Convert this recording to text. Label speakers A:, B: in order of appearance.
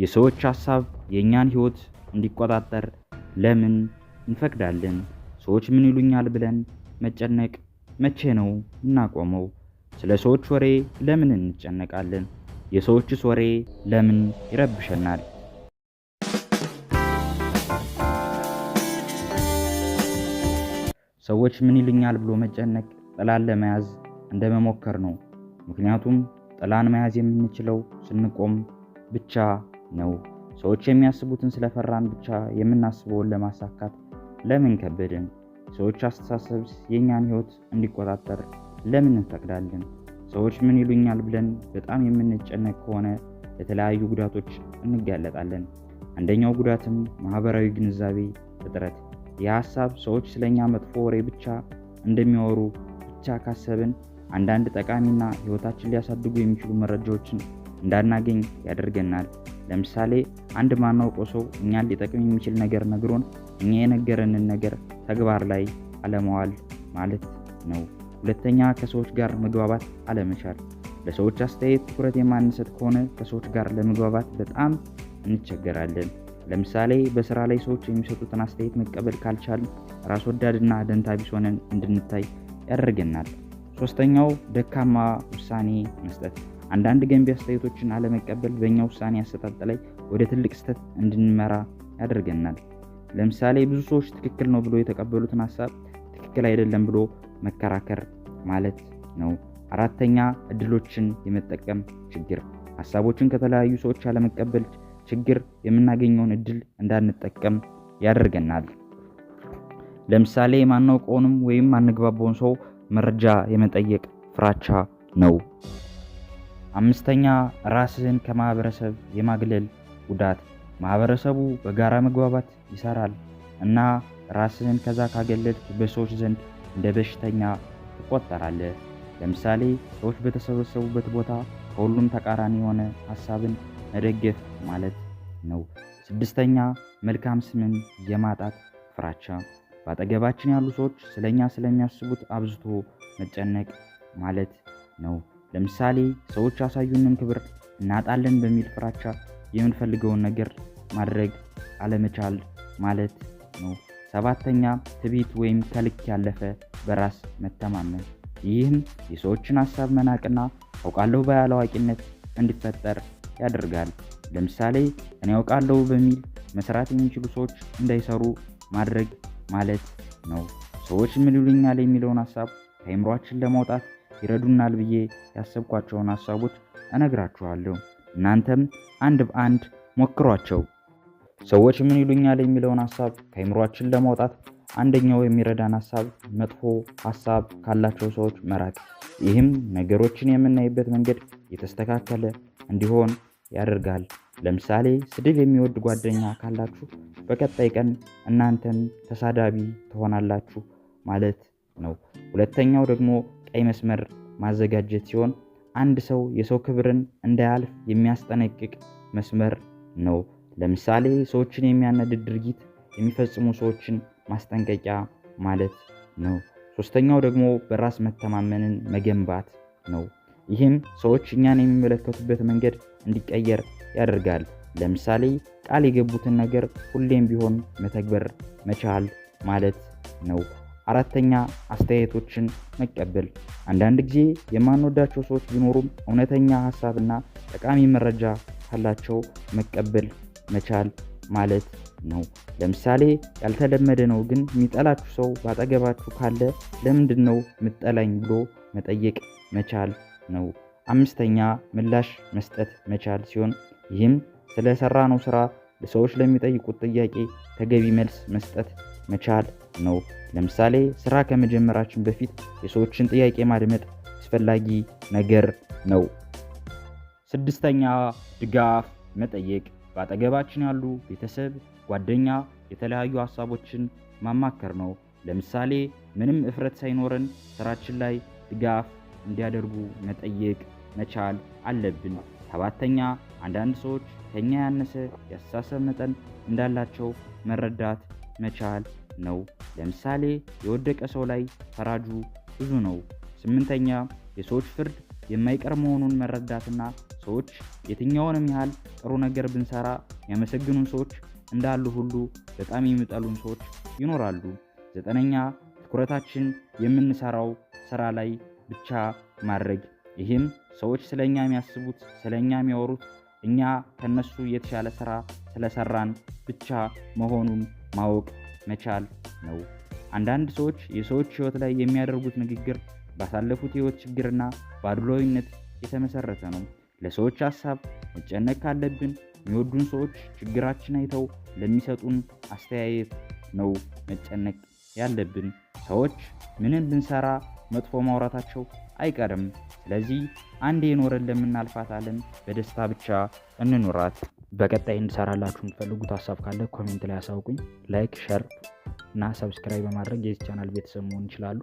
A: የሰዎች ሐሳብ የእኛን ሕይወት እንዲቆጣጠር ለምን እንፈቅዳለን? ሰዎች ምን ይሉኛል ብለን መጨነቅ መቼ ነው እናቆመው? ስለ ሰዎች ወሬ ለምን እንጨነቃለን? የሰዎችስ ወሬ ለምን ይረብሸናል? ሰዎች ምን ይሉኛል ብሎ መጨነቅ ጥላን ለመያዝ እንደመሞከር ነው። ምክንያቱም ጥላን መያዝ የምንችለው ስንቆም ብቻ ነው። ሰዎች የሚያስቡትን ስለፈራን ብቻ የምናስበውን ለማሳካት ለምን ከበድን ሰዎች አስተሳሰብ የእኛን ህይወት እንዲቆጣጠር ለምን እንፈቅዳለን? ሰዎች ምን ይሉኛል ብለን በጣም የምንጨነቅ ከሆነ ለተለያዩ ጉዳቶች እንጋለጣለን። አንደኛው ጉዳትም ማህበራዊ ግንዛቤ እጥረት፣ የሀሳብ ሰዎች ስለኛ መጥፎ ወሬ ብቻ እንደሚያወሩ ብቻ ካሰብን አንዳንድ ጠቃሚና ህይወታችን ሊያሳድጉ የሚችሉ መረጃዎችን እንዳናገኝ ያደርገናል። ለምሳሌ አንድ ማናውቀው ሰው እኛን ሊጠቅም የሚችል ነገር ነግሮን እኛ የነገረንን ነገር ተግባር ላይ አለመዋል ማለት ነው። ሁለተኛ ከሰዎች ጋር መግባባት አለመቻል። ለሰዎች አስተያየት ትኩረት የማንሰጥ ከሆነ ከሰዎች ጋር ለመግባባት በጣም እንቸገራለን። ለምሳሌ በስራ ላይ ሰዎች የሚሰጡትን አስተያየት መቀበል ካልቻል ራስ ወዳድና ደንታ ሆነን እንድንታይ ያደርገናል። ሶስተኛው ደካማ ውሳኔ መስጠት አንዳንድ ገንቢ አስተያየቶችን አለመቀበል በእኛ ውሳኔ አሰጣጥ ላይ ወደ ትልቅ ስህተት እንድንመራ ያደርገናል። ለምሳሌ ብዙ ሰዎች ትክክል ነው ብሎ የተቀበሉትን ሀሳብ ትክክል አይደለም ብሎ መከራከር ማለት ነው። አራተኛ እድሎችን የመጠቀም ችግር፣ ሀሳቦችን ከተለያዩ ሰዎች አለመቀበል ችግር የምናገኘውን እድል እንዳንጠቀም ያደርገናል። ለምሳሌ የማናውቀውንም ወይም አንግባባውን ሰው መረጃ የመጠየቅ ፍራቻ ነው። አምስተኛ ራስን ከማህበረሰብ የማግለል ጉዳት። ማህበረሰቡ በጋራ መግባባት ይሰራል እና ራስህን ከዛ ካገለልክ በሰዎች ዘንድ እንደ በሽተኛ ትቆጠራለህ። ለምሳሌ ሰዎች በተሰበሰቡበት ቦታ ከሁሉም ተቃራኒ የሆነ ሀሳብን መደገፍ ማለት ነው። ስድስተኛ መልካም ስምን የማጣት ፍራቻ። በአጠገባችን ያሉ ሰዎች ስለኛ ስለሚያስቡት አብዝቶ መጨነቅ ማለት ነው። ለምሳሌ ሰዎች ያሳዩንን ክብር እናጣለን በሚል ፍራቻ የምንፈልገውን ነገር ማድረግ አለመቻል ማለት ነው። ሰባተኛ ትዕቢት ወይም ከልክ ያለፈ በራስ መተማመን፣ ይህም የሰዎችን ሀሳብ መናቅና አውቃለሁ ባያላዋቂነት እንዲፈጠር ያደርጋል። ለምሳሌ እኔ አውቃለሁ በሚል መስራት የሚችሉ ሰዎች እንዳይሰሩ ማድረግ ማለት ነው። ሰዎች ምን ይሉኛል የሚለውን ሀሳብ ከአይምሯችን ለማውጣት ይረዱናል ብዬ ያሰብኳቸውን ሀሳቦች እነግራችኋለሁ። እናንተም አንድ በአንድ ሞክሯቸው። ሰዎች ምን ይሉኛል የሚለውን ሀሳብ ከአይምሯችን ለማውጣት አንደኛው የሚረዳን ሀሳብ መጥፎ ሀሳብ ካላቸው ሰዎች መራቅ። ይህም ነገሮችን የምናይበት መንገድ የተስተካከለ እንዲሆን ያደርጋል። ለምሳሌ ስድብ የሚወድ ጓደኛ ካላችሁ በቀጣይ ቀን እናንተም ተሳዳቢ ትሆናላችሁ ማለት ነው። ሁለተኛው ደግሞ ቀይ መስመር ማዘጋጀት ሲሆን አንድ ሰው የሰው ክብርን እንዳያልፍ የሚያስጠነቅቅ መስመር ነው። ለምሳሌ ሰዎችን የሚያናድድ ድርጊት የሚፈጽሙ ሰዎችን ማስጠንቀቂያ ማለት ነው። ሶስተኛው ደግሞ በራስ መተማመንን መገንባት ነው። ይህም ሰዎች እኛን የሚመለከቱበት መንገድ እንዲቀየር ያደርጋል። ለምሳሌ ቃል የገቡትን ነገር ሁሌም ቢሆን መተግበር መቻል ማለት ነው። አራተኛ አስተያየቶችን መቀበል። አንዳንድ ጊዜ የማንወዳቸው ሰዎች ቢኖሩም እውነተኛ ሀሳብና ጠቃሚ መረጃ ካላቸው መቀበል መቻል ማለት ነው። ለምሳሌ ያልተለመደ ነው ግን የሚጠላችሁ ሰው ባጠገባችሁ ካለ ለምንድን ነው ምጠላኝ ብሎ መጠየቅ መቻል ነው። አምስተኛ ምላሽ መስጠት መቻል ሲሆን ይህም ስለሰራ ነው ስራ ሰዎች ለሚጠይቁት ጥያቄ ተገቢ መልስ መስጠት መቻል ነው። ለምሳሌ ስራ ከመጀመራችን በፊት የሰዎችን ጥያቄ ማድመጥ አስፈላጊ ነገር ነው። ስድስተኛ ድጋፍ መጠየቅ፣ በአጠገባችን ያሉ ቤተሰብ፣ ጓደኛ፣ የተለያዩ ሀሳቦችን ማማከር ነው። ለምሳሌ ምንም እፍረት ሳይኖረን ስራችን ላይ ድጋፍ እንዲያደርጉ መጠየቅ መቻል አለብን። ሰባተኛ አንዳንድ ሰዎች ከኛ ያነሰ የአስተሳሰብ መጠን እንዳላቸው መረዳት መቻል ነው። ለምሳሌ የወደቀ ሰው ላይ ፈራጁ ብዙ ነው። ስምንተኛ የሰዎች ፍርድ የማይቀር መሆኑን መረዳትና ሰዎች የትኛውንም ያህል ጥሩ ነገር ብንሰራ የሚያመሰግኑን ሰዎች እንዳሉ ሁሉ በጣም የሚጠሉን ሰዎች ይኖራሉ። ዘጠነኛ ትኩረታችን የምንሰራው ስራ ላይ ብቻ ማድረግ ይህም ሰዎች ስለ እኛ የሚያስቡት ስለ እኛ የሚያወሩት እኛ ከነሱ የተሻለ ስራ ስለሰራን ብቻ መሆኑን ማወቅ መቻል ነው። አንዳንድ ሰዎች የሰዎች ህይወት ላይ የሚያደርጉት ንግግር ባሳለፉት ህይወት ችግርና በአድሏዊነት የተመሰረተ ነው። ለሰዎች ሀሳብ መጨነቅ ካለብን የሚወዱን ሰዎች ችግራችን አይተው ለሚሰጡን አስተያየት ነው መጨነቅ ያለብን። ሰዎች ምንም ብንሰራ መጥፎ ማውራታቸው አይቀርም። ስለዚህ አንድ የኖረን ለምናልፋታለን በደስታ ብቻ እንኑራት። በቀጣይ እንድሰራላችሁ የምትፈልጉት ሀሳብ ካለ ኮሜንት ላይ አሳውቁኝ። ላይክ፣ ሸር እና ሰብስክራይብ በማድረግ የዚህ ቻናል ቤተሰብ መሆን ይችላሉ።